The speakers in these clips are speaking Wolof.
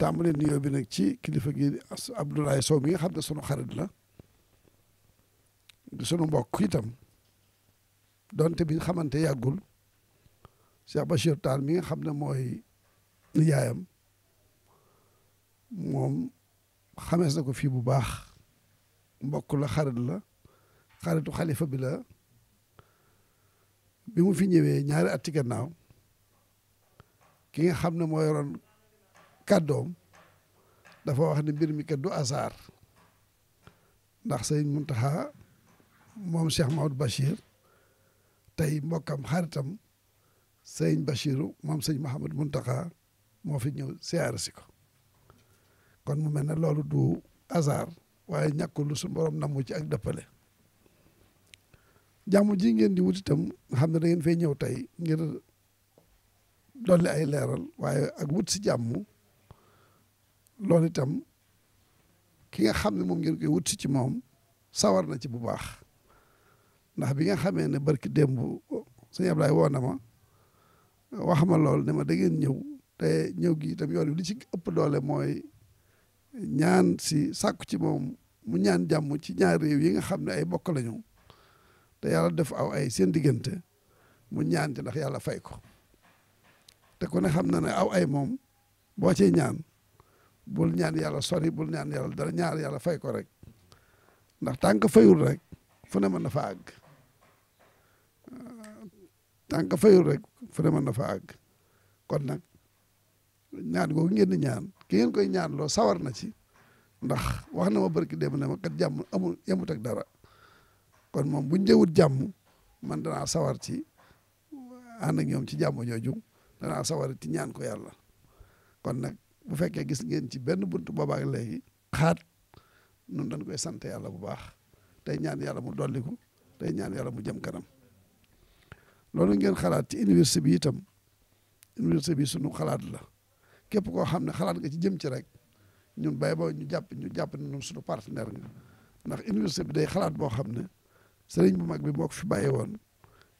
tàmbalee nuyoo bi nag ci kilifa gi Abdoulaye Sow mi nga xam ne sunu xarit la di sunu mbokk itam donte bi xamante yàggul Cheikh Bachir Tall mi nga xam ne mooy nijaayam moom xamees na ko fii bu baax mbokk la xarit la xaritu xalifa bi la bi mu fi ñëwee ñaari at ci gannaaw ki nga xam ne moo yoroon kàddoom wax ne mbir mi kat du hasard ndax sëñ Muntaxa moom Cheikh Mahmoud Bachir tey mbokkam xaritam sëñ Bachiru moom sëñ Mahamad Muntaxa moo fi ñëw siyaare si kon mu mel ne loolu du hasard waaye ñàkkul lu su namu ci ak dëppale jàmm ji ngeen di wut itam xam ne da ngeen ñëw tey ngir dolli ay leeral waaye ak wut si jàmm loolu itam ki nga xam ne moom ngeen koy wut si ci moom sawar na ci bu baax ndax bi nga xamee ne barki démb sëñ Ablaye woo na ma wax ma loolu ne ma da ngeen ñëw te ñëw gi itam yoon li ci ëpp doole mooy ñaan si sàkku ci moom mu ñaan jàmm ci ñaar réew yi nga xam ne ay bokk lañu te yàlla def aw ay seen diggante mu ñaan ci ndax yàlla fay ko te ku ne xam na ne aw ay moom boo cee ñaan bul ñaan yàlla sori bul ñaan yàlla dara ñaar yàlla fay rek ndax tànk fayul rek fu ne mën na fa àgg tànk fayul rek fu ne mën na fa àgg kon nag ñaan googu ngeen di ñaan ki ngeen koy ñaan loo sawar na ci ndax wax na ma barki dem ne ma kat jàmm amul yemut dara kon moom buñ jëwut jàmm man danaa sawar ci ànd ak ci jàmm jooju danaa sawar ci ñaan ko yàlla kon nag bu fekkee gis ngeen ci benn buntu boobaak léegi xaat nun dañ koy sant yàlla bu baax te ñaan yàlla mu dolliku tey ñaan yàlla mu jëm kanam loolu ngeen xalaat ci université bi itam université bi sunu xalaat la képp koo xam ne xalaat nga ci jëm ci rek ñun bay boo ñu jàpp ñu jàpp ne ñun suñu partenaire nga ndax université bi day xalaat boo xam ne sëriñ bu mag bi moo ko fi bàyyi woon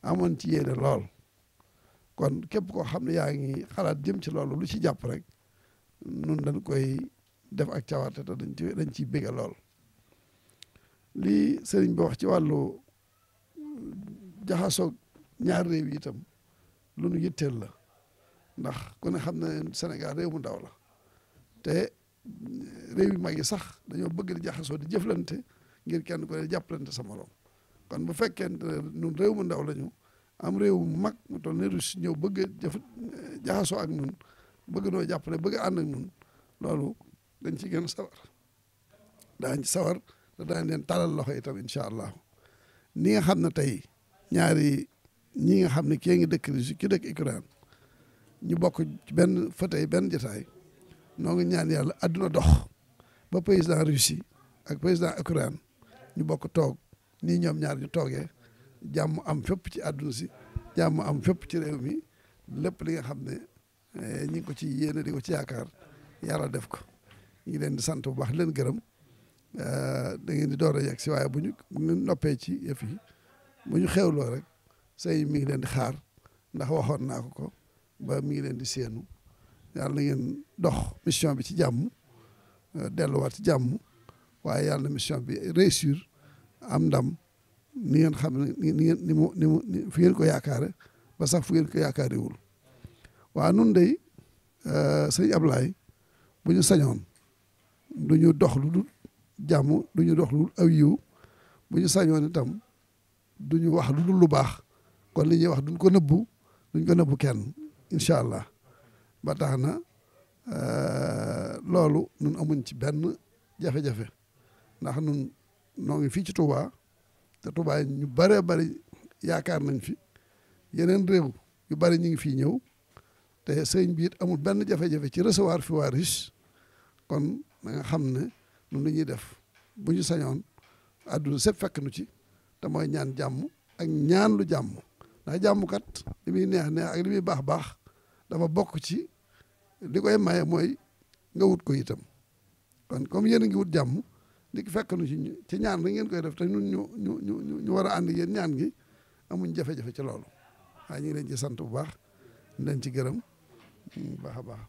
amoon ci yéene lool kon képp koo xam ne yaa ngi xalaat jëm ci loolu lu ci jàpp rek nun dañ koy def ak cawarte te dañ ci dañ ciy bége lool lii sëriñ boo wax ci wàllu jaxasoog ñaar réew yi itam lu nu yitteel la ndax kon ne xam na ne Sénégal réew mu ndaw la te réew yu mag yi sax dañoo bëgg di jaxasoo di jëflante ngir kenn ku ne jàppalante sa morom kon bu fekkente ne nun réew mu ndaw lañu am réew mu mag mu toll ne Russie ñëw bëgg a jëf jaxasoo ak nun bëgg noo jàppale bëgg ànd ak ñun loolu dañ ci gën a sawar daañ ci sawar daañ leen talal loxo itam incha allah ni nga xam ne tey ñaari ñi nga xam ne kii ngi dëkk Russie ki dëkk Ukraine ñu bokk benn fa tey benn jotaay noo ngi ñaan yàlla àdduna dox ba président Russie ak président Ukraine ñu bokk toog nii ñoom ñaar ñu toogee jàmm am fépp ci àdduna si jàmm am fépp ci réew mi lépp li nga xam ne Eh, ñu ngi ko ci yéene di ko ci yaakaar yàlla def ko ñu ngi leen di sant bu baax leen gërëm eh, da ngeen di door a yegg si waaye bu ñu noppee ci yëf yi bu ñu xewloo rek say mi ngi leen di xaar ndax waxoon naa ko ko ba mi ngi leen di seenu yàlla na ngeen dox mission bi ci jàmm eh, delluwaat ci jàmm waaye yàlla na mission bi réussir am ndam ni ngeen xam ne ni ngeen ni mu ni mu fi ngeen ko yaakaare ba sax fu ngeen ko yaakaar yaakaarewul waa nun day euh, sëñ Ablaye bu ñu sañoon du ñu dox lu dul jàmm du ñu dox lu dul aw bu ñu sañoon itam du ñu wax lu dul lu baax kon li ñuy wax duñ ko nëbbu duñ ko nëbbu kenn incha allah ba tax na euh, loolu nun amuñ ci benn jafe-jafe ndax nun noo ngi fii ci Touba te Touba ñu bëree bëri yaakaar nañ fi yeneen réew yu bëri ñu ngi fii ñëw te sëriñ bi amul benn jafe-jafe ci recevoir fi waa riche kon na nga xam ne ñun li ñuy def bu ñu sañoon àdduna sépp fekk nu ci te mooy ñaan jàmm ak ñaan lu jàmm ndax jàmm neex neex ak li muy baax baax dafa bokk ci li koy maye mooy nga wut ko itam kon comme yéen a wut jàmm di fekk nu ci ci ñaan rek ngeen koy def te ñun ñu ñu ñu war a ànd yéen ñaan gi amuñ jafe-jafe ci loolu waaye ñu ngi leen ci sant bu baax ñu leen ci gërëm. baax a baax